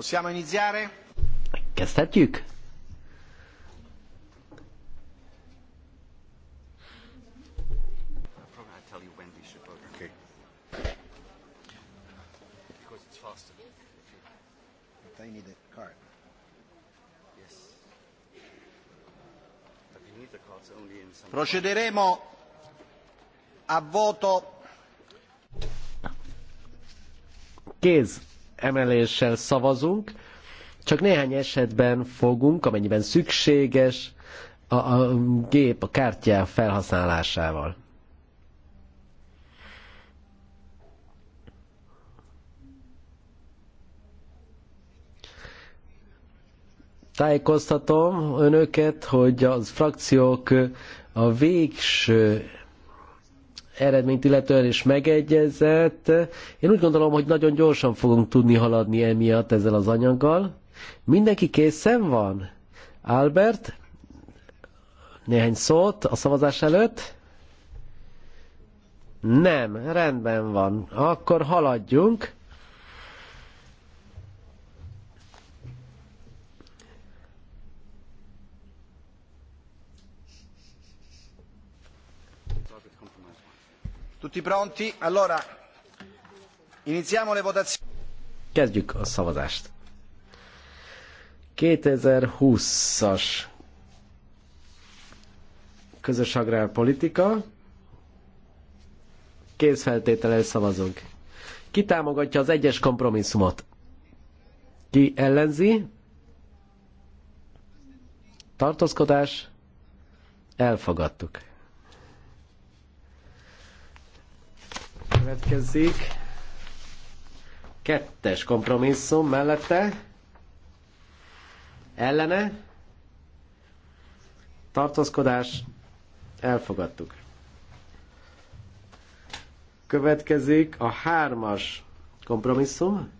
Possiamo iniziare? Kezdhetjük? Procederemo a voto. Kéz emeléssel szavazunk, csak néhány esetben fogunk, amennyiben szükséges, a, a gép, a kártya felhasználásával. Tájékoztatom önöket, hogy az frakciók a végső eredményt illetően is megegyezett. Én úgy gondolom, hogy nagyon gyorsan fogunk tudni haladni emiatt ezzel az anyaggal. Mindenki készen van? Albert, néhány szót a szavazás előtt? Nem, rendben van. Akkor haladjunk. Kezdjük a szavazást. 2020-as közös agrárpolitika. Kézfeltétellel szavazunk. Ki támogatja az egyes kompromisszumot? Ki ellenzi? Tartózkodás? Elfogadtuk. következzék. Kettes kompromisszum mellette. Ellene. Tartózkodás. Elfogadtuk. Következik a hármas kompromisszum.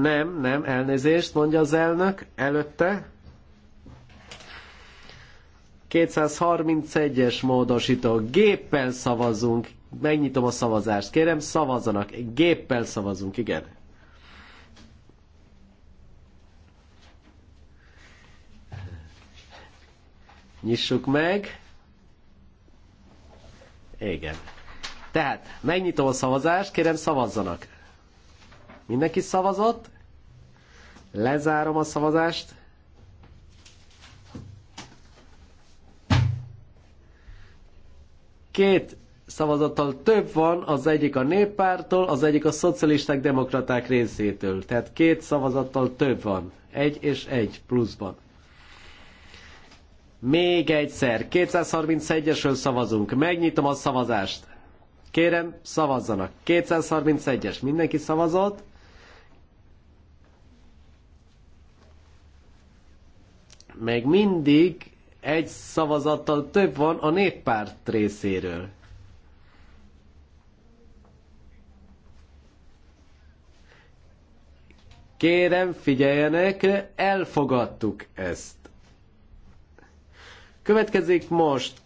Nem, nem, elnézést, mondja az elnök. Előtte 231-es módosító. Géppel szavazunk. Megnyitom a szavazást. Kérem, szavazzanak. Géppel szavazunk, igen. Nyissuk meg. Igen. Tehát, megnyitom a szavazást, kérem szavazzanak. Mindenki szavazott? Lezárom a szavazást. Két szavazattal több van, az egyik a néppártól, az egyik a szocialisták demokraták részétől. Tehát két szavazattal több van. Egy és egy pluszban. Még egyszer, 231-esről szavazunk. Megnyitom a szavazást. Kérem, szavazzanak. 231-es. Mindenki szavazott? Meg mindig egy szavazattal több van a néppárt részéről. Kérem, figyeljenek, elfogadtuk ezt. Következik most,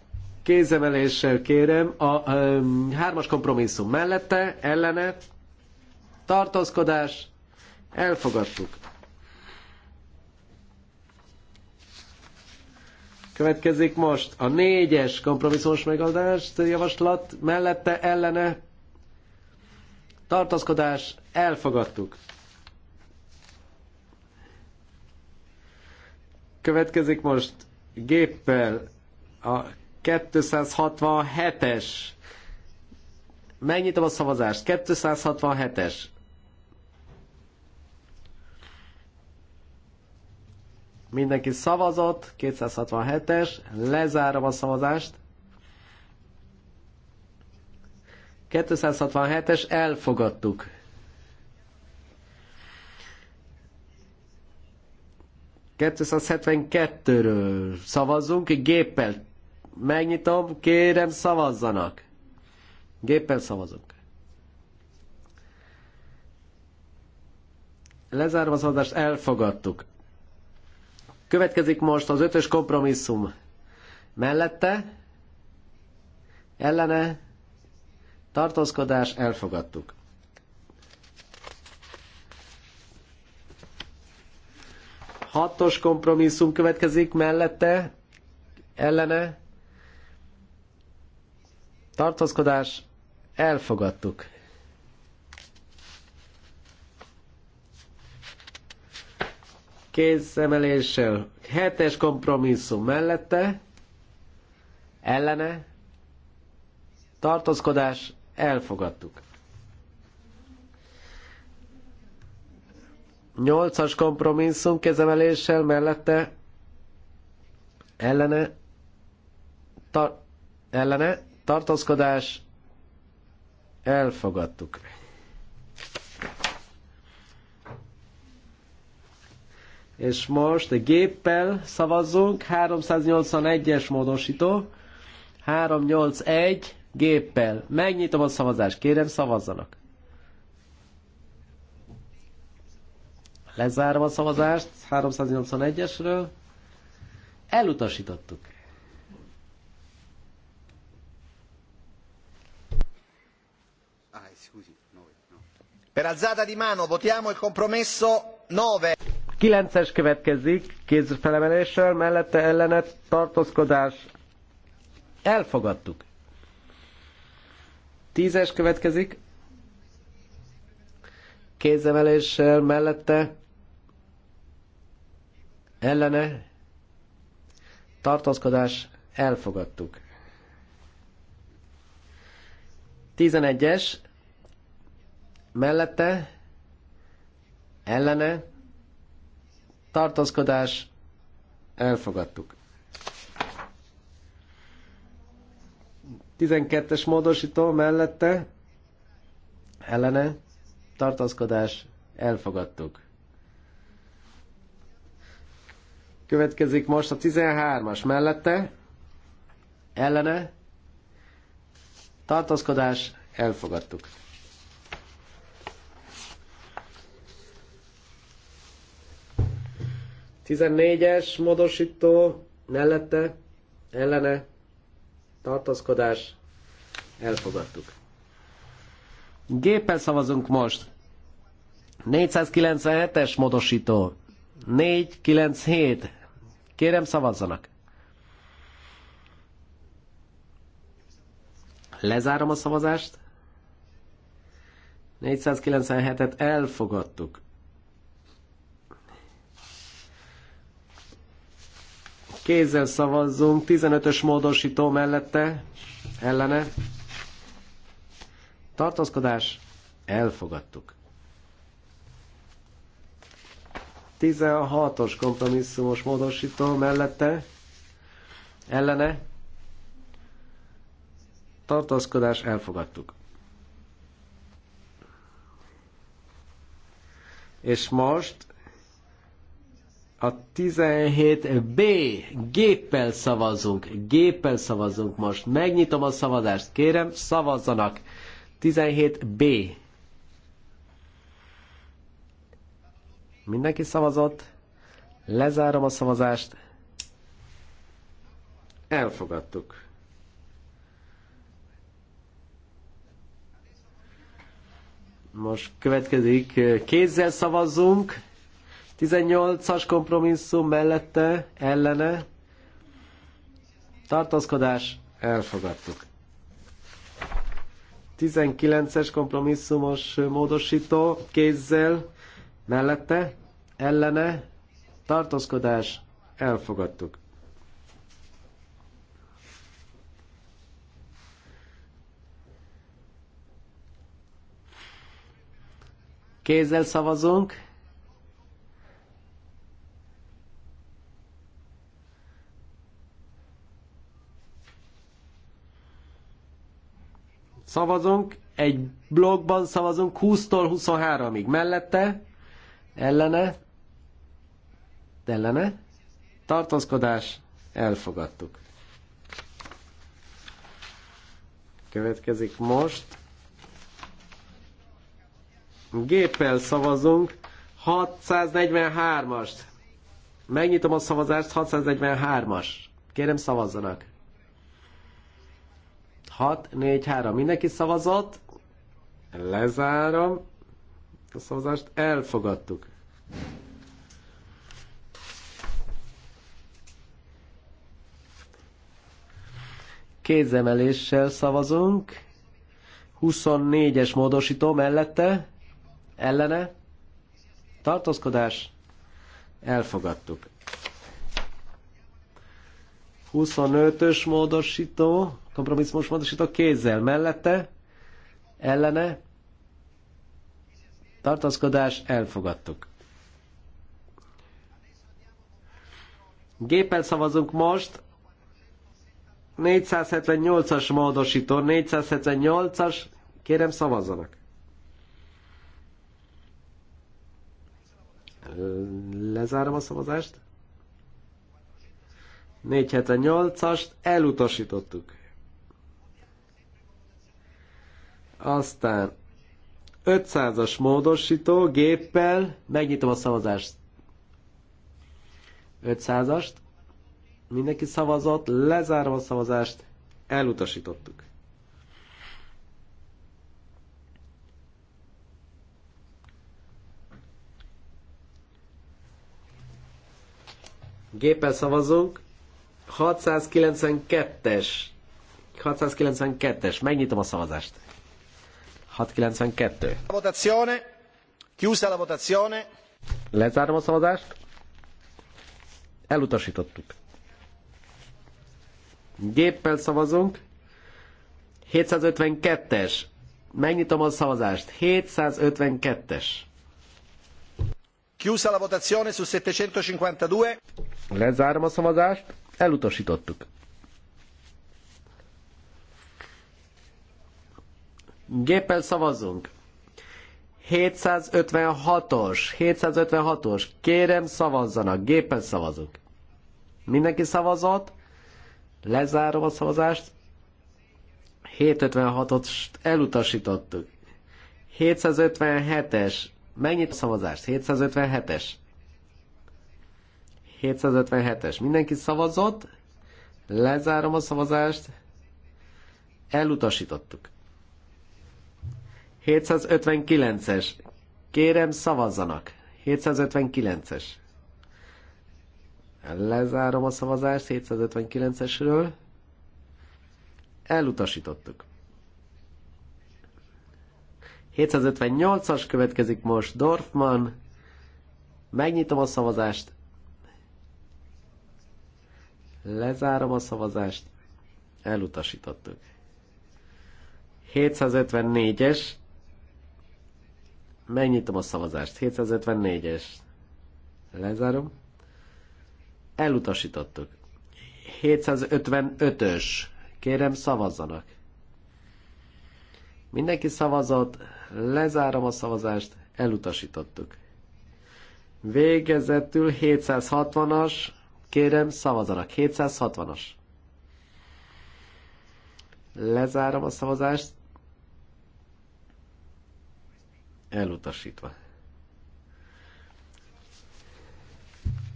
kézemeléssel kérem, a ö, hármas kompromisszum mellette, ellene, tartózkodás, elfogadtuk. Következik most a négyes kompromisszumos megoldást javaslat mellette ellene tartózkodás elfogadtuk. Következik most géppel a 267-es. Megnyitom a szavazást. 267-es. Mindenki szavazott, 267-es, lezárom a szavazást. 267-es, elfogadtuk. ről szavazzunk, géppel megnyitom, kérem szavazzanak. Géppel szavazunk. Lezárva a szavazást, elfogadtuk. Következik most az ötös kompromisszum. Mellette, ellene, tartózkodás, elfogadtuk. Hatos kompromisszum következik mellette, ellene, tartózkodás, elfogadtuk. kézszemeléssel, hetes kompromisszum mellette, ellene, tartózkodás, elfogadtuk. Nyolcas kompromisszum kezemeléssel mellette, ellene, tar ellene, tartózkodás, elfogadtuk. és most géppel szavazzunk, 381-es módosító, 381 géppel. Megnyitom a szavazást, kérem szavazzanak. Lezárom a szavazást 381-esről. Elutasítottuk. Per alzata di mano votiamo il compromesso 9 kilences következik kézfelemeléssel, mellette ellenet tartózkodás. Elfogadtuk. tízes következik. Kézemeléssel mellette ellene tartózkodás. Elfogadtuk. tizenegyes mellette ellene tartózkodás, elfogadtuk. 12-es módosító mellette, ellene, tartózkodás, elfogadtuk. Következik most a 13-as mellette, ellene, tartózkodás, elfogadtuk. 14-es módosító mellette ellene tartózkodás elfogadtuk. Géppel szavazunk most. 497-es módosító. 497. Kérem szavazzanak. Lezárom a szavazást. 497-et elfogadtuk. Kézzel szavazzunk, 15-ös módosító mellette, ellene. Tartózkodás, elfogadtuk. 16-os kompromisszumos módosító mellette, ellene. Tartózkodás, elfogadtuk. És most a 17B. Géppel szavazunk. Géppel szavazunk most. Megnyitom a szavazást. Kérem, szavazzanak. 17B. Mindenki szavazott. Lezárom a szavazást. Elfogadtuk. Most következik. Kézzel szavazzunk. 18-as kompromisszum mellette, ellene, tartózkodás, elfogadtuk. 19-es kompromisszumos módosító kézzel, mellette, ellene, tartózkodás, elfogadtuk. Kézzel szavazunk. szavazunk, egy blogban szavazunk 20-tól 23-ig. Mellette, ellene, ellene, tartózkodás, elfogadtuk. Következik most. Géppel szavazunk 643-ast. Megnyitom a szavazást 643-as. Kérem szavazzanak. 6, 4, 3. Mindenki szavazott. Lezárom a szavazást. Elfogadtuk. Kézemeléssel szavazunk. 24-es módosító mellette. Ellene. Tartózkodás. Elfogadtuk. 25-ös módosító, kompromisszumos módosító kézzel mellette, ellene, tartózkodás, elfogadtuk. Géppel szavazunk most, 478-as módosító, 478-as, kérem szavazzanak. Lezárom a szavazást. 478-ast elutasítottuk. Aztán 500-as módosító géppel, megnyitom a szavazást. 500-ast, mindenki szavazott, lezárom a szavazást, elutasítottuk. Géppel szavazunk, 692-es. 692-es. Megnyitom a szavazást. 692. A votazione. Chiusa la votazione. Lezárom a szavazást. Elutasítottuk. Géppel szavazunk. 752-es. Megnyitom a szavazást. 752-es. Chiusa la votazione su 752. Lezárom a szavazást. Elutasítottuk. Géppel szavazzunk. 756-os, 756-os, kérem szavazzanak, géppel szavazunk. Mindenki szavazott? Lezárom a szavazást. 756-ot elutasítottuk. 757-es, Mennyit a szavazást, 757-es. 757-es. Mindenki szavazott. Lezárom a szavazást. Elutasítottuk. 759-es. Kérem, szavazzanak. 759-es. Lezárom a szavazást 759-esről. Elutasítottuk. 758-as következik most Dorfman. Megnyitom a szavazást. Lezárom a szavazást. Elutasítottuk. 754-es. Megnyitom a szavazást. 754-es. Lezárom. Elutasítottuk. 755-ös. Kérem, szavazzanak. Mindenki szavazott, lezárom a szavazást, elutasítottuk. Végezetül 760-as, Kérem, szavazanak. 760-as. Lezárom a szavazást. Elutasítva.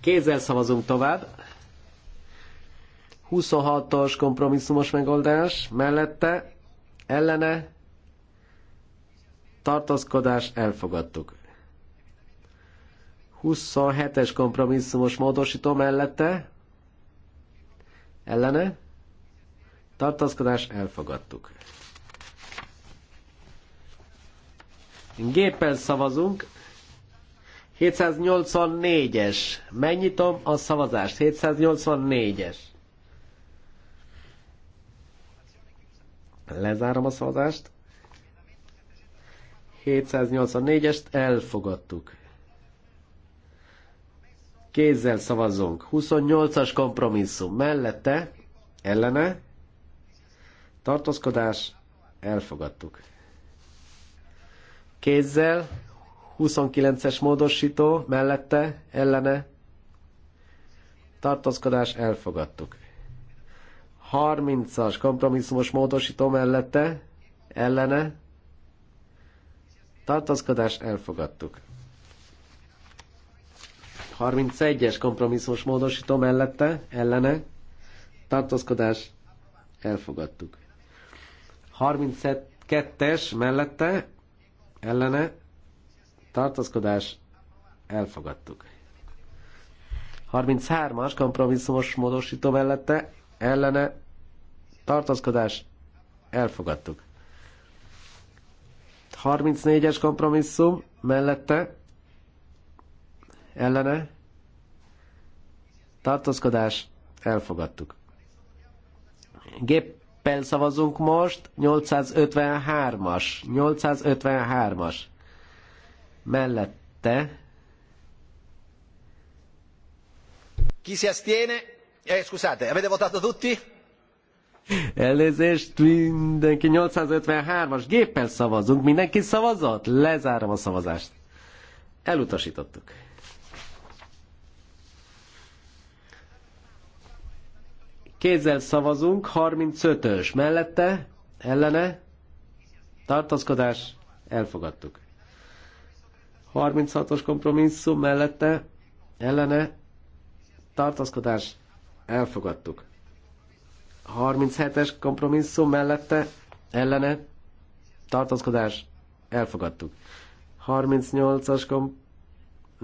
Kézzel szavazunk tovább. 26-os kompromisszumos megoldás, mellette, ellene, tartózkodás, elfogadtuk. 27-es kompromisszumos módosító mellette, ellene, tartózkodás elfogadtuk. Géppel szavazunk. 784-es. Megnyitom a szavazást. 784-es. Lezárom a szavazást. 784-est elfogadtuk. Kézzel szavazzunk. 28-as kompromisszum mellette, ellene, tartózkodás, elfogadtuk. Kézzel, 29-es módosító, mellette, ellene, tartózkodás, elfogadtuk. 30-as kompromisszumos módosító mellette, ellene, tartózkodás, elfogadtuk. 31-es kompromisszós módosító mellette, ellene, tartózkodás, elfogadtuk. 32-es mellette, ellene, tartózkodás, elfogadtuk. 33-as kompromisszumos módosító mellette, ellene, tartózkodás, elfogadtuk. 34-es kompromisszum mellette, ellene tartózkodás elfogadtuk. Géppel szavazunk most, 853-as, 853-as mellette Ki si astiene? Eh, scusate, avete votato tutti? Elnézést, mindenki 853-as géppel szavazunk, mindenki szavazott? Lezárom a szavazást. Elutasítottuk. Kézzel szavazunk, 35-ös. Mellette, ellene, tartózkodás, elfogadtuk. 36-os kompromisszum mellette, ellene, tartózkodás, elfogadtuk. 37-es kompromisszum mellette, ellene, tartózkodás, elfogadtuk. 38-as kompromisszum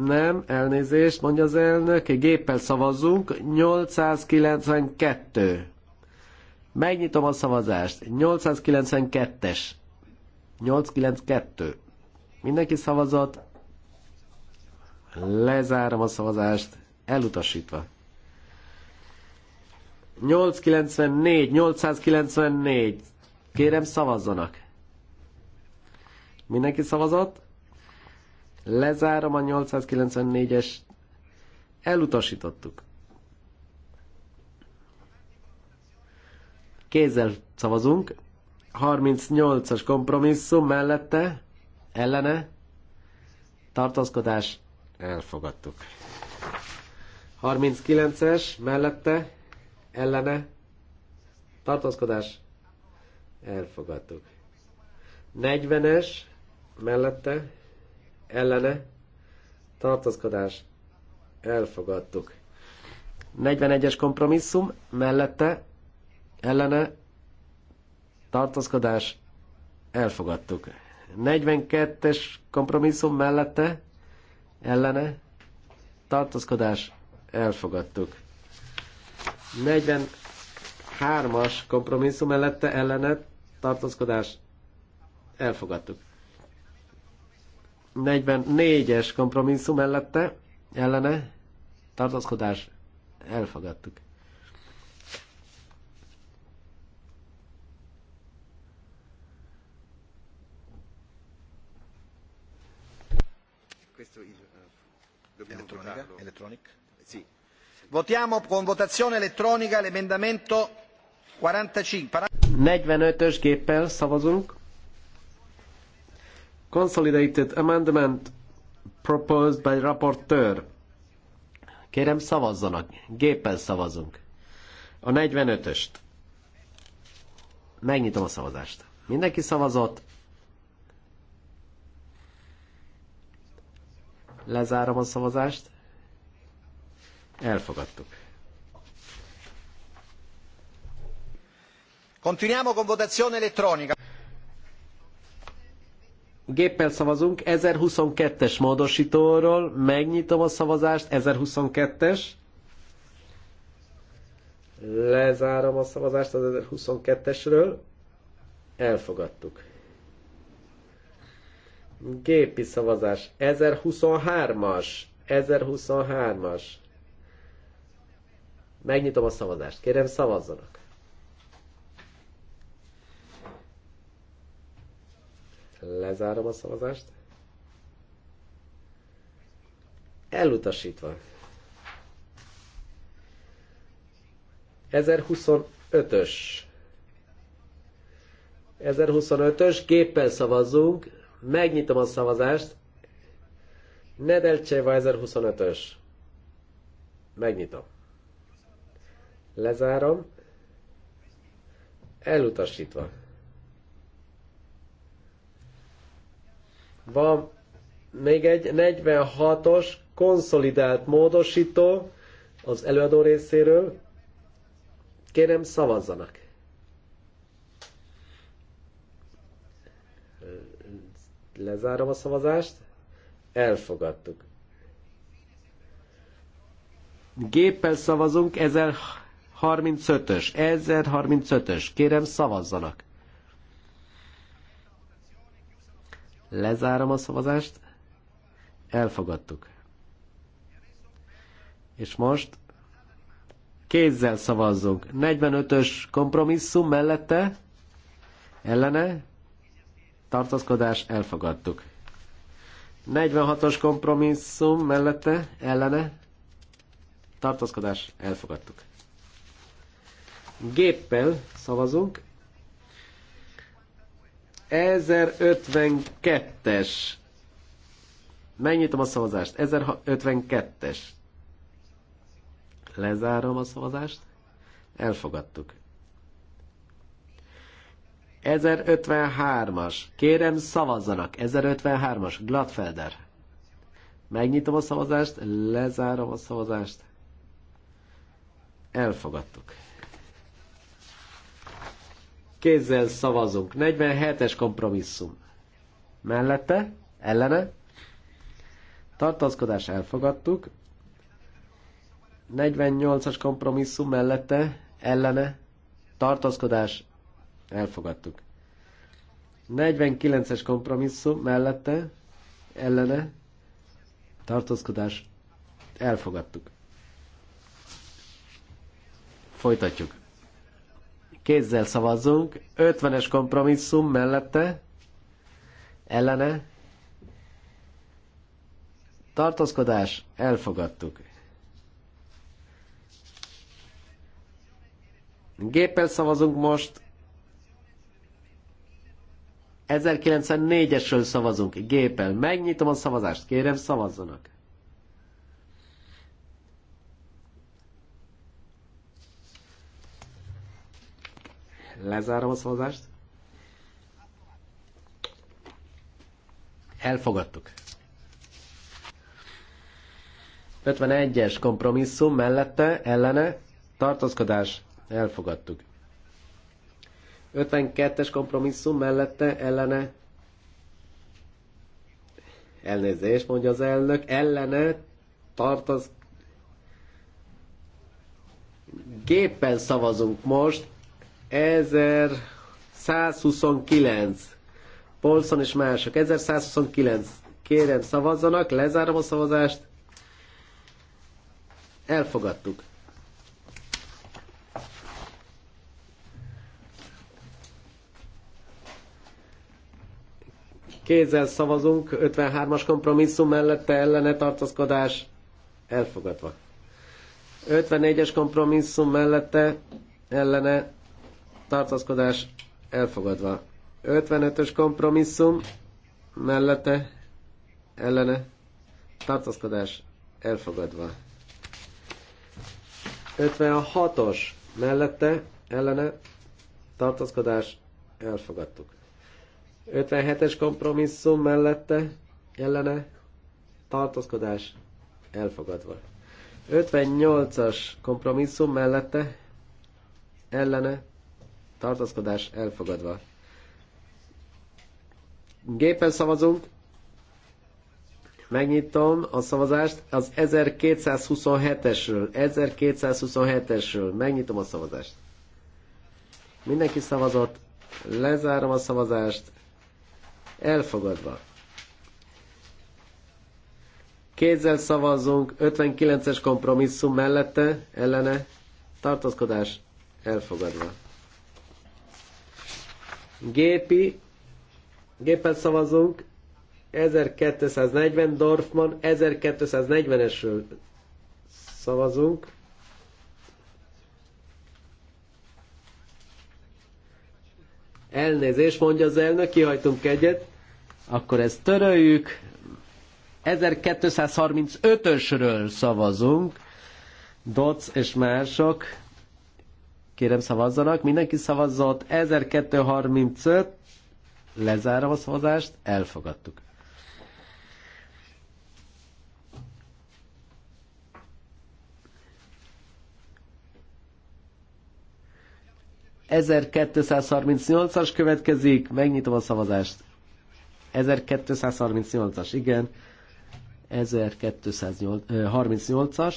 nem, elnézést, mondja az elnök, géppel szavazzunk, 892. Megnyitom a szavazást, 892-es. 892. Mindenki szavazott. Lezárom a szavazást, elutasítva. 894, 894. Kérem szavazzanak. Mindenki szavazott? Lezárom a 894-es. Elutasítottuk. Kézzel szavazunk. 38-as kompromisszum mellette, ellene, tartózkodás, elfogadtuk. 39-es mellette, ellene, tartózkodás, elfogadtuk. 40-es mellette, ellene, tartózkodás, elfogadtuk. 41-es kompromisszum, mellette, ellene, tartózkodás, elfogadtuk. 42-es kompromisszum mellette, ellene, tartózkodás, elfogadtuk. 43-as kompromisszum mellette, ellene, tartózkodás, elfogadtuk. 44-es kompromisszum mellette, ellene, tartózkodás, elfogadtuk. Eh, Votiamo con votazione elettronica l'emendamento 45. 45-ös géppel szavazunk. Consolidated Amendment proposed by rapporteur. Kérem szavazzanak, géppel szavazunk. A 45-öst. Megnyitom a szavazást. Mindenki szavazott. Lezárom a szavazást. Elfogadtuk. Continuiamo con votazione elettronica géppel szavazunk 1022-es módosítóról, megnyitom a szavazást, 1022-es. Lezárom a szavazást az 1022-esről. Elfogadtuk. Gépi szavazás. 1023-as. 1023-as. Megnyitom a szavazást. Kérem, szavazzanak. Lezárom a szavazást. Elutasítva. 1025-ös. 1025-ös, géppel szavazzunk, megnyitom a szavazást. Nedelcseva 1025-ös. Megnyitom. Lezárom. Elutasítva. Van még egy 46-os konszolidált módosító az előadó részéről. Kérem, szavazzanak! Lezárom a szavazást. Elfogadtuk. Géppel szavazunk, 1035-ös, 1035-ös. Kérem, szavazzanak! Lezárom a szavazást. Elfogadtuk. És most kézzel szavazzunk. 45-ös kompromisszum mellette, ellene, tartozkodás elfogadtuk. 46-os kompromisszum mellette, ellene, tartozkodás elfogadtuk. Géppel szavazunk, 1052-es. Megnyitom a szavazást. 1052-es. Lezárom a szavazást. Elfogadtuk. 1053-as. Kérem szavazzanak. 1053-as. Gladfelder. Megnyitom a szavazást, lezárom a szavazást. Elfogadtuk kézzel szavazunk. 47-es kompromisszum. Mellette, ellene, tartózkodás elfogadtuk. 48-as kompromisszum mellette, ellene, tartózkodás elfogadtuk. 49-es kompromisszum mellette, ellene, tartózkodás elfogadtuk. Folytatjuk kézzel szavazzunk, 50-es kompromisszum mellette, ellene, tartózkodás, elfogadtuk. Géppel szavazunk most, 1094-esről szavazunk géppel. Megnyitom a szavazást, kérem szavazzanak. Lezárom a szavazást. Elfogadtuk. 51-es kompromisszum mellette, ellene, tartózkodás, elfogadtuk. 52-es kompromisszum mellette, ellene, elnézést mondja az elnök, ellene, tartoz... Géppen szavazunk most, 1129. Polson és mások. 1129. Kérem szavazzanak, lezárom a szavazást. Elfogadtuk. Kézzel szavazunk, 53-as kompromisszum mellette ellene tartozkodás elfogadva. 54-es kompromisszum mellette ellene tartózkodás elfogadva. 55-ös kompromisszum mellette ellene tartózkodás elfogadva. 56-os mellette ellene tartózkodás elfogadtuk. 57-es kompromisszum mellette ellene tartózkodás elfogadva. 58-as kompromisszum mellette ellene tartózkodás elfogadva. Gépen szavazunk. Megnyitom a szavazást az 1227-esről. 1227-esről. Megnyitom a szavazást. Mindenki szavazott. Lezárom a szavazást. Elfogadva. Kézzel szavazzunk 59-es kompromisszum mellette, ellene, tartózkodás elfogadva. Gépi, gépen szavazunk, 1240 Dorfman, 1240-esről szavazunk. Elnézés, mondja az elnök, kihajtunk egyet. Akkor ezt töröljük. 1235-ösről szavazunk. Doc és mások. Kérem szavazzanak, mindenki szavazott, 1235, lezárom a szavazást, elfogadtuk. ...1238-as következik, megnyitom a szavazást. 1238-as, igen. 1238-as,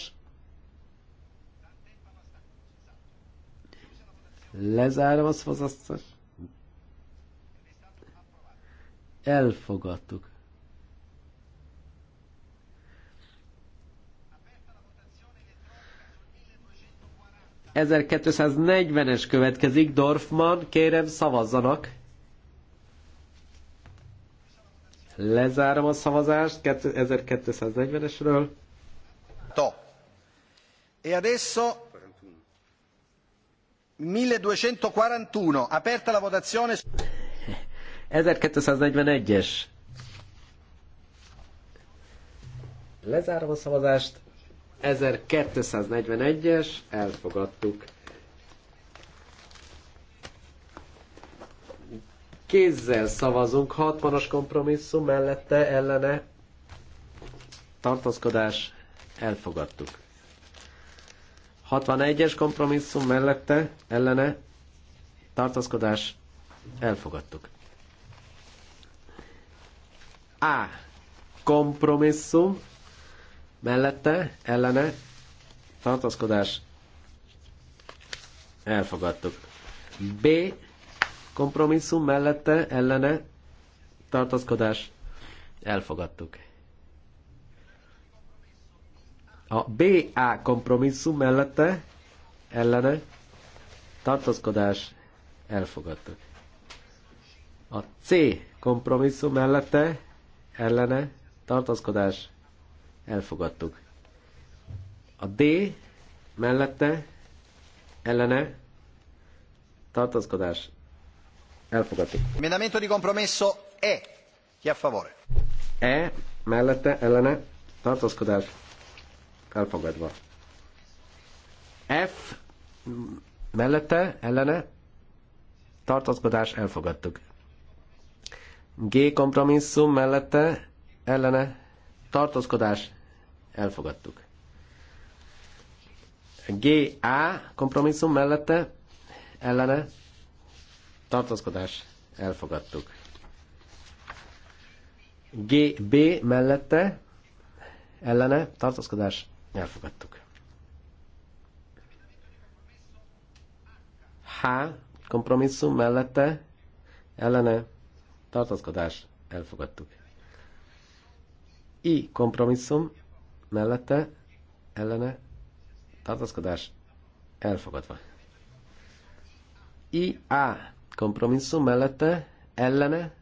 Lezárom a szavazást. Elfogadtuk. ...1240-es következik, Dorfman, kérem szavazzanak. Lezárom a szavazást 1240-esről. To. E adesso 1241, aperta la votazione. 1241-es. Lezárom a szavazást. 1241-es, elfogadtuk. Kézzel szavazunk, 60-as kompromisszum mellette, ellene, tartózkodás, elfogadtuk. 61-es kompromisszum mellette ellene tartózkodás elfogadtuk. A. Kompromisszum mellette ellene tartózkodás elfogadtuk. B. Kompromisszum mellette ellene tartózkodás elfogadtuk. A BA kompromisszum mellette ellene tartózkodás elfogadtuk. A C kompromisszum mellette ellene tartózkodás elfogadtuk. A D mellette ellene tartózkodás elfogadtuk. Emendamento di compromesso E. Chi a favore? E mellette ellene tartózkodás elfogadva. F mellette, ellene, tartózkodás, elfogadtuk. G kompromisszum mellette, ellene, tartózkodás, elfogadtuk. A kompromisszum mellette, ellene, tartózkodás, elfogadtuk. GB mellette, ellene, tartózkodás, Elfogadtuk. H. Kompromisszum mellette ellene tartózkodás. Elfogadtuk. I. Kompromisszum mellette ellene tartózkodás. Elfogadva. I. A. Kompromisszum mellette ellene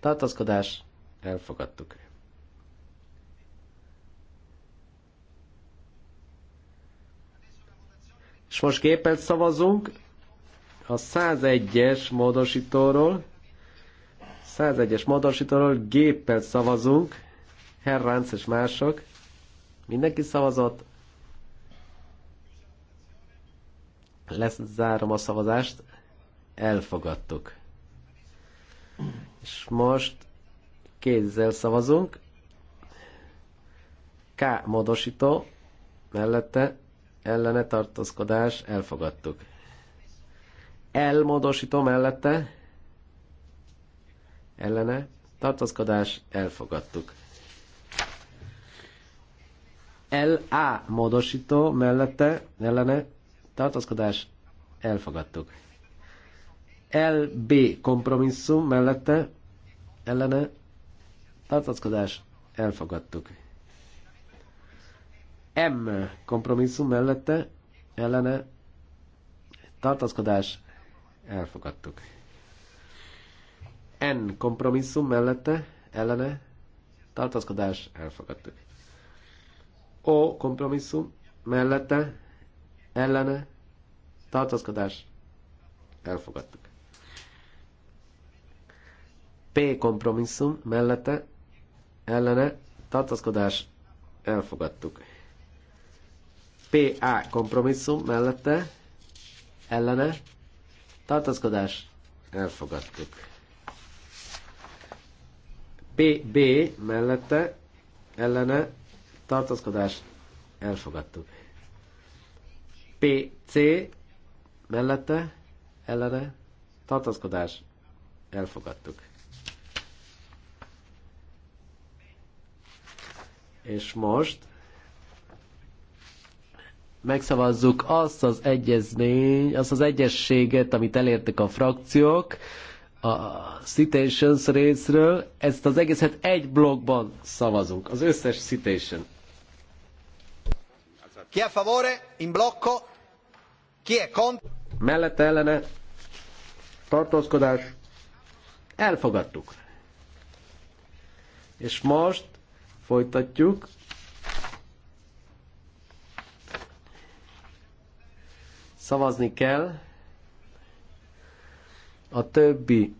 tartózkodás. Elfogadtuk. És most gépet szavazunk a 101-es módosítóról. 101-es módosítóról géppel szavazunk. Herránc és mások. Mindenki szavazott. Lezárom a szavazást. Elfogadtuk. És most kézzel szavazunk. K módosító mellette ellene tartózkodás elfogadtuk. Elmódosító mellette ellene tartózkodás elfogadtuk. LA módosító mellette ellene tartózkodás elfogadtuk. LB kompromisszum mellette ellene tartózkodás elfogadtuk. M kompromisszum mellette ellene tartaszkodás elfogadtuk. N kompromisszum mellette ellene tartaszkodás elfogadtuk. O kompromisszum mellette ellene tartaszkodás elfogadtuk. P kompromisszum mellette ellene tartaszkodás elfogadtuk. PA kompromisszum mellette, ellene, tartaszkodás, elfogadtuk. PB mellette, ellene, tartaszkodás, elfogadtuk. PC mellette, ellene, tartaszkodás, elfogadtuk. És most megszavazzuk azt az egyezmény, azt az egyességet, amit elértek a frakciók, a citations részről, ezt az egészet egy blogban szavazunk, az összes citation. Ki a favore, in blocco, ki è contro? Mellette ellene, tartózkodás, elfogadtuk. És most folytatjuk Szavazni kell. A többi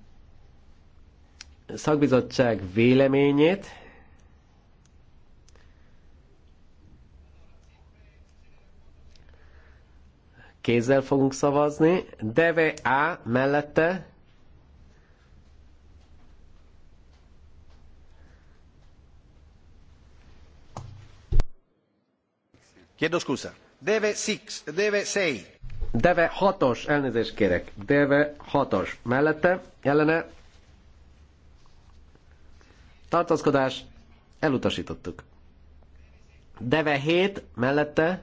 szakbizottság véleményét. Kézzel fogunk szavazni. Deve A mellette. Chiedo scusa. Deve 6, deve 6. Deve 6-os, elnézést kérek. Deve 6-os. Mellette, ellene. Tartózkodás, elutasítottuk. Deve 7, mellette,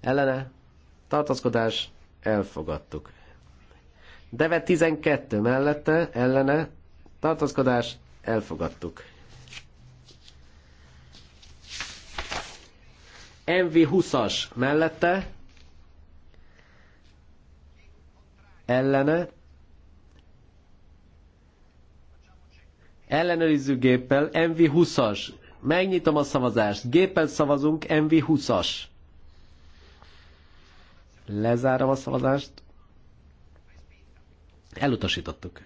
ellene. Tartózkodás, elfogadtuk. Deve 12, mellette, ellene. Tartózkodás, elfogadtuk. MV 20-as mellette, ellene. Ellenőrizzük géppel, MV20-as. Megnyitom a szavazást. Géppel szavazunk, MV20-as. Lezárom a szavazást. Elutasítottuk.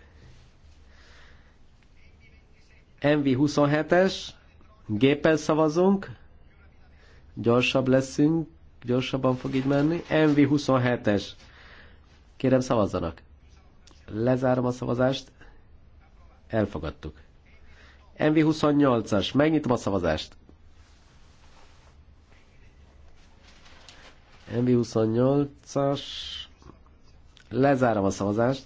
MV27-es. Géppel szavazunk. Gyorsabb leszünk. Gyorsabban fog így menni. MV27-es. Kérem szavazzanak. Lezárom a szavazást. Elfogadtuk. MV28-as, megnyitom a szavazást. MV28-as, lezárom a szavazást.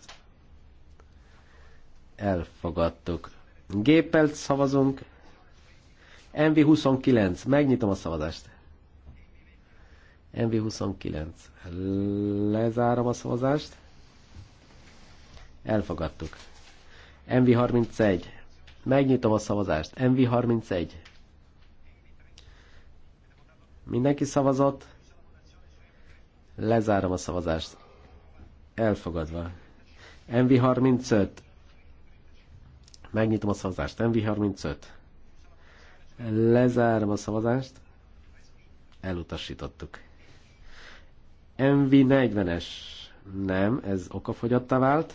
Elfogadtuk. Géppel szavazunk. MV29, megnyitom a szavazást. MV29. Lezárom a szavazást. Elfogadtuk. MV31. Megnyitom a szavazást. MV31. Mindenki szavazott. Lezárom a szavazást. Elfogadva. MV35. Megnyitom a szavazást. MV35. Lezárom a szavazást. Elutasítottuk. MV40-es. Nem, ez okafogyattá vált.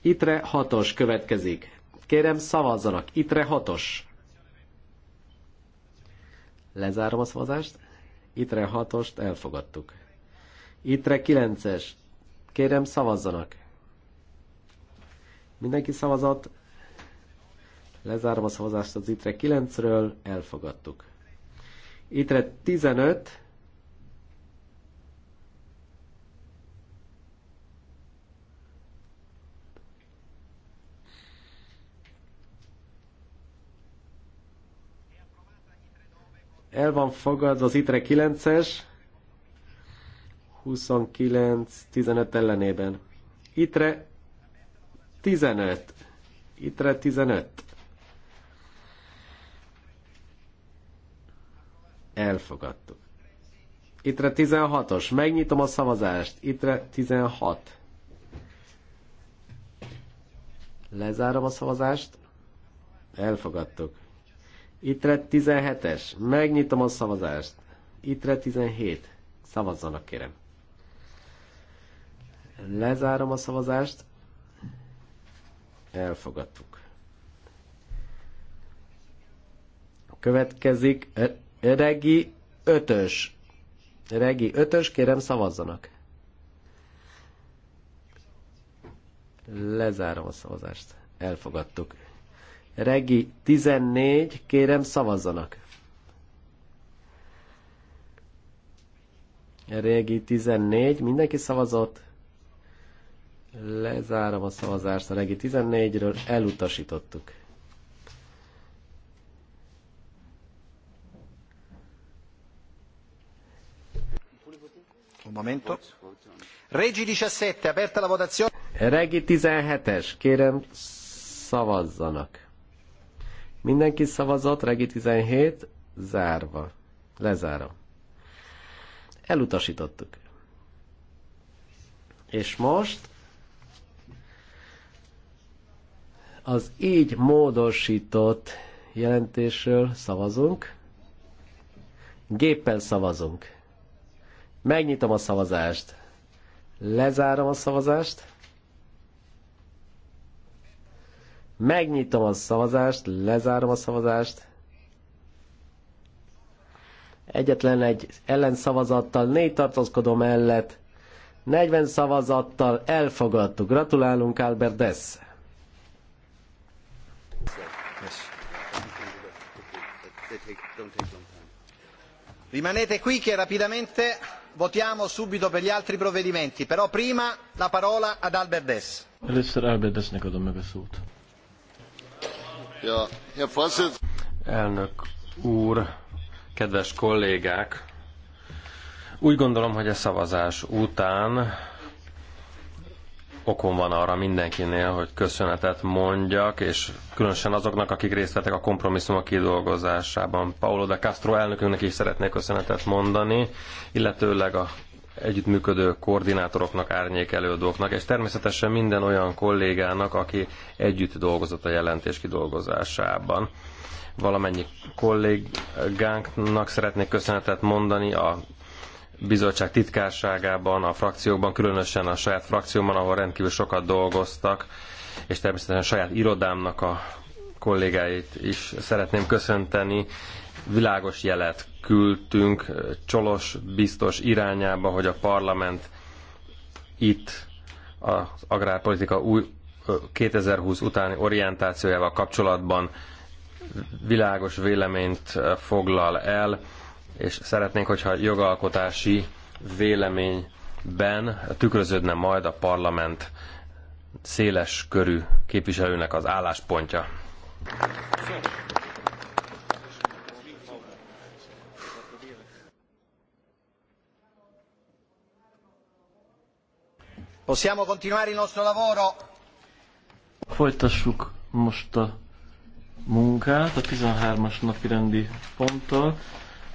Itre 6-os következik. Kérem szavazzanak. Itre 6-os. Lezárom a szavazást. Itre 6-ost elfogadtuk. Itre 9-es. Kérem szavazzanak. Mindenki szavazott. Lezárom a szavazást az ITRE 9-ről, elfogadtuk. Itre 15, el van fogadva az ITRE 9-es, 29-15 ellenében. ITRE 15. ITRE 15. Elfogadtuk. Ittre 16-os. Megnyitom a szavazást. Ittre 16. Lezárom a szavazást. Elfogadtuk. Ittre 17-es. Megnyitom a szavazást. Ittre 17. Szavazzanak, kérem. Lezárom a szavazást. Elfogadtuk. Következik Regi 5-ös. Regi 5-ös, kérem szavazzanak. Lezárom a szavazást. Elfogadtuk. Regi 14, kérem szavazzanak. Regi 14, mindenki szavazott. Lezárom a szavazást a Regi 14-ről, elutasítottuk. Regi 17, aperta la votazione. Regi 17-es, kérem szavazzanak. Mindenki szavazott, Regi 17, zárva. Lezárom. Elutasítottuk. És most az így módosított jelentésről szavazunk. Géppel szavazunk. Megnyitom a szavazást. Lezárom a szavazást. Megnyitom a szavazást, lezárom a szavazást. Egyetlen egy ellenszavazattal, négy tartózkodó mellett, 40 szavazattal elfogadtuk. Gratulálunk Albert Dess. Rimanete qui che rapidamente votiamo subito per gli altri provvedimenti, però prima la parola ad Albert Dess. Először Albert Dessnek adom meg a szót. Ja, ja, Elnök úr, kedves kollégák! Úgy gondolom, hogy a szavazás után okom van arra mindenkinél, hogy köszönetet mondjak, és különösen azoknak, akik részt vettek a kompromisszumok kidolgozásában. Paolo de Castro elnökünknek is szeretnék köszönetet mondani, illetőleg a együttműködő koordinátoroknak, árnyékelődőknek, és természetesen minden olyan kollégának, aki együtt dolgozott a jelentés kidolgozásában. Valamennyi kollégánknak szeretnék köszönetet mondani a bizottság titkárságában, a frakciókban, különösen a saját frakcióban, ahol rendkívül sokat dolgoztak, és természetesen a saját irodámnak a kollégáit is szeretném köszönteni. Világos jelet küldtünk Csolos biztos irányába, hogy a parlament itt az agrárpolitika új 2020 utáni orientációjával kapcsolatban világos véleményt foglal el és szeretnénk, hogyha jogalkotási véleményben tükröződne majd a parlament széles körű képviselőnek az álláspontja. Possiamo continuare il nostro lavoro? Folytassuk most a munkát a 13-as napi rendi ponttal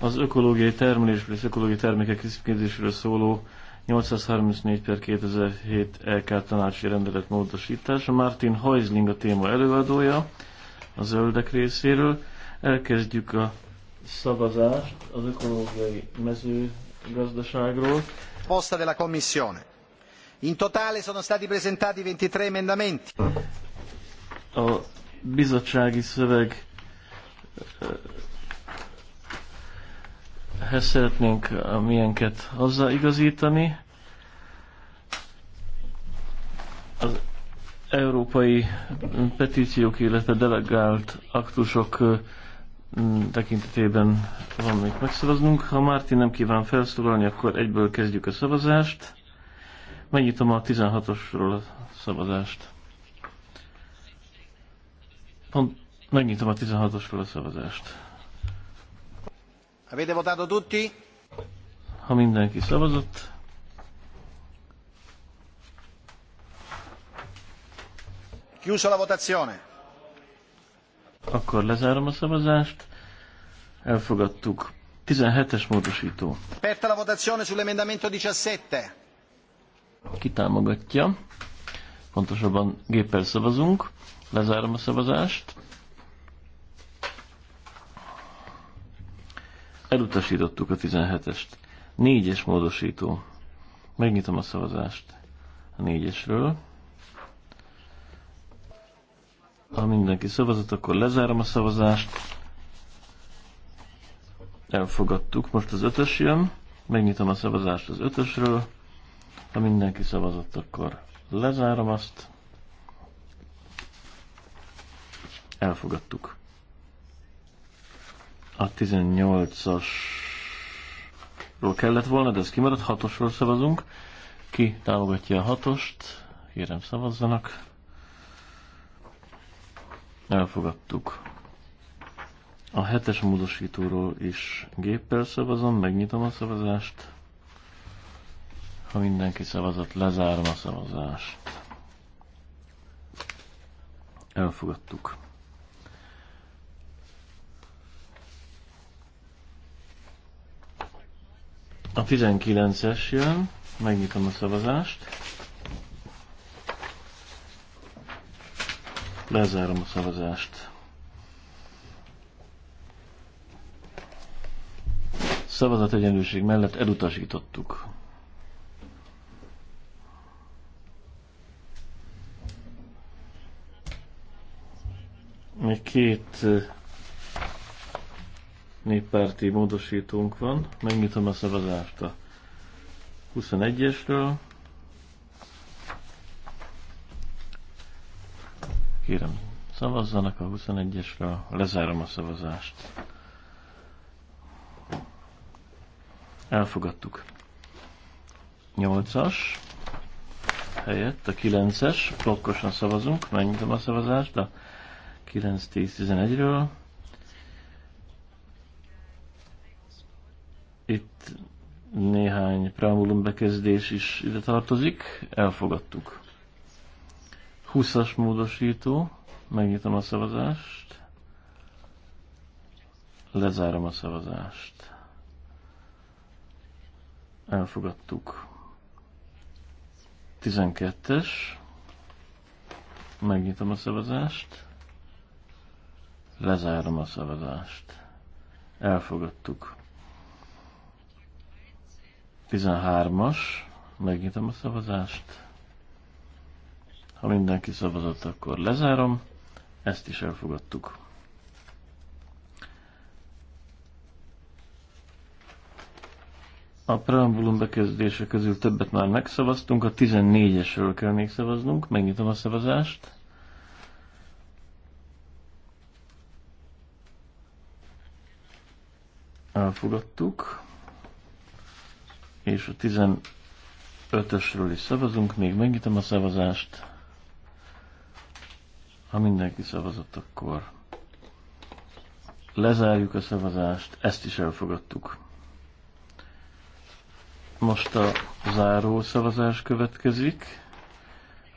az ökológiai termelésről és ökológiai termékek készítésről szóló 834 per 2007 LK tanácsi rendelet módosítása. Martin Heusling a téma előadója a zöldek részéről. Elkezdjük a szavazást az ökológiai mezőgazdaságról. Posta della Commissione. In totale sono stati presentati 23 emendamenti. A bizottsági szöveg ehhez szeretnénk a milyenket hozzáigazítani. Az európai petíciók, illetve delegált aktusok tekintetében van még megszavaznunk. Ha Márti nem kíván felszólalni, akkor egyből kezdjük a szavazást. Megnyitom a 16-osról a szavazást. Pont megnyitom a 16-osról a szavazást. Avete votato tutti? Ha mindenki szavazott. Chiusa la votazione. Akkor lezárom a szavazást. Elfogadtuk. 17-es módosító. Aperta la votazione sull'emendamento 17. Ki támogatja? Pontosabban géppel szavazunk. Lezárom a szavazást. Elutasítottuk a 17-est. Négyes módosító. Megnyitom a szavazást a négyesről. Ha mindenki szavazott, akkor lezárom a szavazást. Elfogadtuk. Most az ötös jön. Megnyitom a szavazást az ötösről. Ha mindenki szavazott, akkor lezárom azt. Elfogadtuk. A 18-asról kellett volna, de ez kimaradt. 6-osról szavazunk. Ki támogatja a 6-ost? Kérem szavazzanak. Elfogadtuk. A 7-es módosítóról is géppel szavazom, megnyitom a szavazást. Ha mindenki szavazott, lezárom a szavazást. Elfogadtuk. A 19-es jön, megnyitom a szavazást. Lezárom a szavazást. Szavazat egyenlőség mellett elutasítottuk. Még két néppárti módosítónk van. Megnyitom a szavazást a 21-esről. Kérem, szavazzanak a 21-esről. Lezárom a szavazást. Elfogadtuk. 8-as helyett a 9-es. Blokkosan szavazunk. Megnyitom a szavazást a 9-10-11-ről. Itt néhány preambulum bekezdés is ide tartozik. Elfogadtuk. 20-as módosító. Megnyitom a szavazást. Lezárom a szavazást. Elfogadtuk. 12-es. Megnyitom a szavazást. Lezárom a szavazást. Elfogadtuk. 13-as, megnyitom a szavazást. Ha mindenki szavazott, akkor lezárom. Ezt is elfogadtuk. A preambulum bekezdése közül többet már megszavaztunk, a 14-esről kell még szavaznunk. Megnyitom a szavazást. Elfogadtuk és a 15-ösről is szavazunk. Még megnyitom a szavazást. Ha mindenki szavazott, akkor lezárjuk a szavazást. Ezt is elfogadtuk. Most a záró szavazás következik.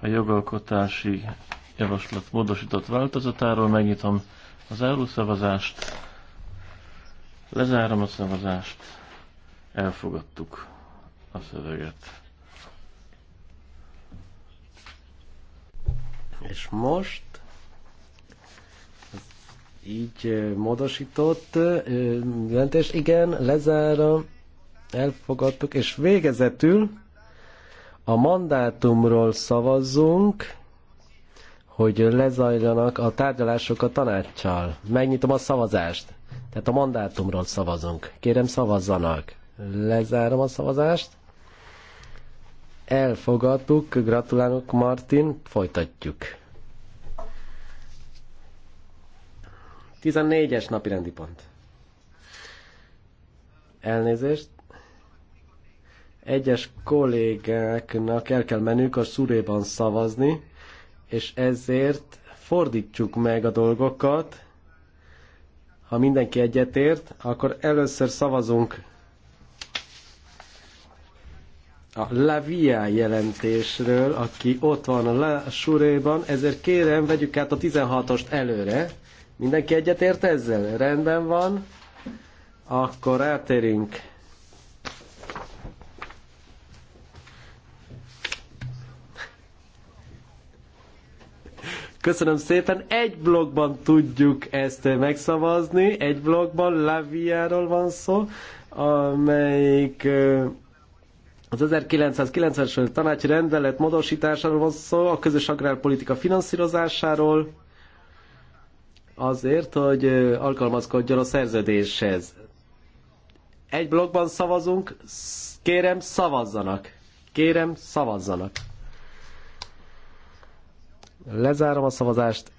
A jogalkotási javaslat módosított változatáról megnyitom a záró szavazást. Lezárom a szavazást. Elfogadtuk a szöveget. És most így módosított jelentés, igen, lezárom, elfogadtuk, és végezetül a mandátumról szavazzunk, hogy lezajlanak a tárgyalások a tanácssal. Megnyitom a szavazást. Tehát a mandátumról szavazunk. Kérem szavazzanak. Lezárom a szavazást. Elfogadtuk, gratulálok Martin, folytatjuk. 14-es napi rendi pont. Elnézést. Egyes kollégáknak el kell menünk a szuréban szavazni, és ezért fordítsuk meg a dolgokat. Ha mindenki egyetért, akkor először szavazunk a Lavia jelentésről, aki ott van a La Suréban, ezért kérem, vegyük át a 16-ost előre. Mindenki egyetért ezzel? Rendben van. Akkor eltérünk. Köszönöm szépen. Egy blogban tudjuk ezt megszavazni. Egy blogban Laviáról van szó, amelyik az 1990-es tanácsi rendelet módosításáról van szó, a közös agrárpolitika finanszírozásáról, azért, hogy alkalmazkodjon a szerződéshez. Egy blogban szavazunk, kérem szavazzanak. Kérem szavazzanak. Lezárom a szavazást.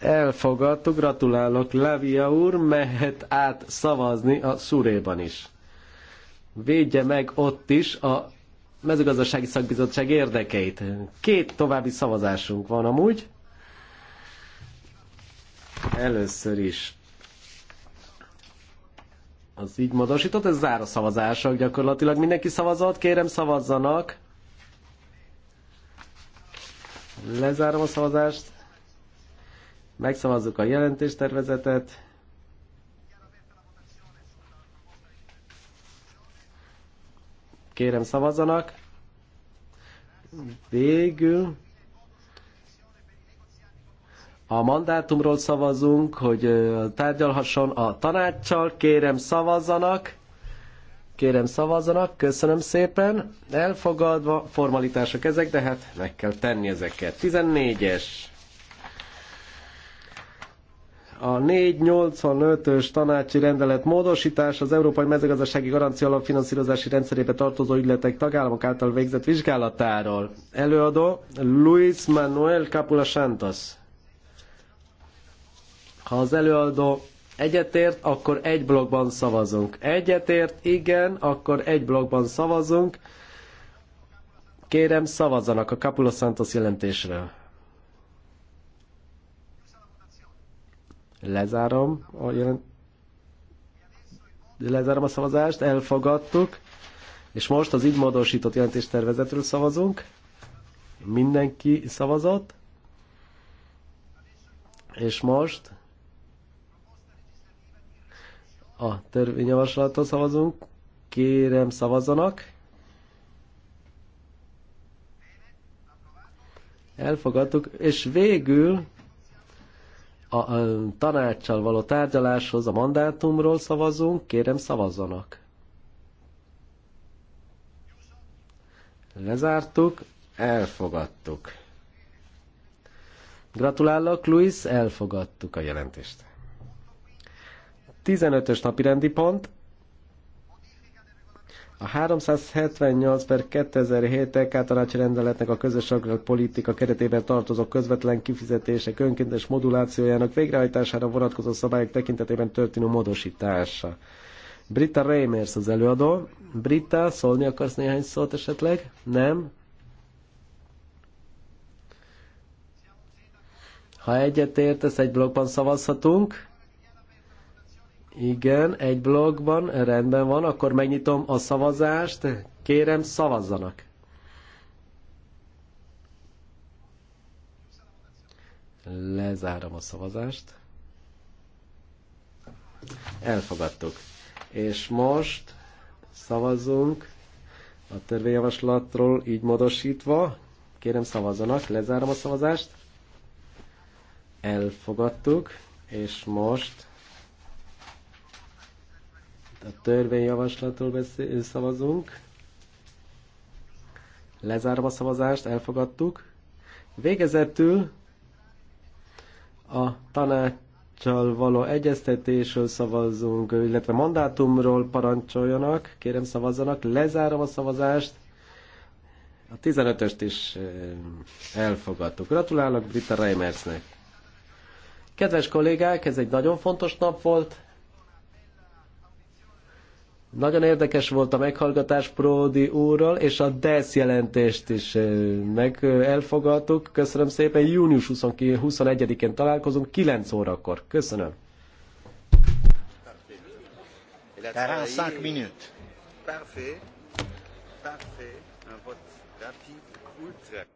Elfogadtuk, gratulálok, Lavia úr, mehet át szavazni a szuréban is védje meg ott is a mezőgazdasági szakbizottság érdekeit. Két további szavazásunk van amúgy. Először is az így módosított, ez záró szavazások gyakorlatilag. Mindenki szavazott, kérem szavazzanak. Lezárom a szavazást. Megszavazzuk a jelentéstervezetet. Kérem szavazzanak. Végül a mandátumról szavazunk, hogy tárgyalhasson a tanácssal. Kérem szavazzanak. Kérem szavazzanak, köszönöm szépen. Elfogadva, formalitások ezek, de hát meg kell tenni ezeket. 14-es a 485-ös tanácsi rendelet módosítás az Európai Mezőgazdasági Garancia Alapfinanszírozási Rendszerébe tartozó ügyletek tagállamok által végzett vizsgálatáról. Előadó Luis Manuel Capula Santos. Ha az előadó egyetért, akkor egy blogban szavazunk. Egyetért, igen, akkor egy blogban szavazunk. Kérem, szavazzanak a Capula Santos jelentésről. Lezárom a jelent... Lezárom a szavazást, elfogadtuk. És most az így módosított jelentéstervezetről szavazunk. Mindenki szavazott. És most a törvényjavaslatot szavazunk. Kérem szavazzanak. Elfogadtuk, és végül a, a tanácssal való tárgyaláshoz a mandátumról szavazunk, kérem szavazzanak. Lezártuk, elfogadtuk. Gratulálok, Luis, elfogadtuk a jelentést. 15-ös napi rendi pont, a 378 per 2007 EK tanácsi rendeletnek a közös politika keretében tartozó közvetlen kifizetések önkéntes modulációjának végrehajtására vonatkozó szabályok tekintetében történő módosítása. Britta Reimers az előadó. Britta, szólni akarsz néhány szót esetleg? Nem? Ha egyet értesz, egy blogban szavazhatunk. Igen, egy blogban, rendben van, akkor megnyitom a szavazást, kérem szavazzanak. Lezárom a szavazást. Elfogadtuk. És most szavazunk a törvényjavaslatról így módosítva. Kérem szavazzanak, lezárom a szavazást. Elfogadtuk, és most a törvényjavaslatról beszél, szavazunk. Lezárva a szavazást, elfogadtuk. Végezetül a tanácssal való egyeztetésről szavazunk, illetve mandátumról parancsoljanak, kérem szavazzanak, lezárom a szavazást. A 15-öst is elfogadtuk. Gratulálok Brita Reimersnek. Kedves kollégák, ez egy nagyon fontos nap volt. Nagyon érdekes volt a meghallgatás Pródi úrral, és a DESZ jelentést is meg elfogadtuk. Köszönöm szépen, június 21-én találkozunk, 9 órakor. Köszönöm. Parfait. Parfait. Un vote rapide, ultra.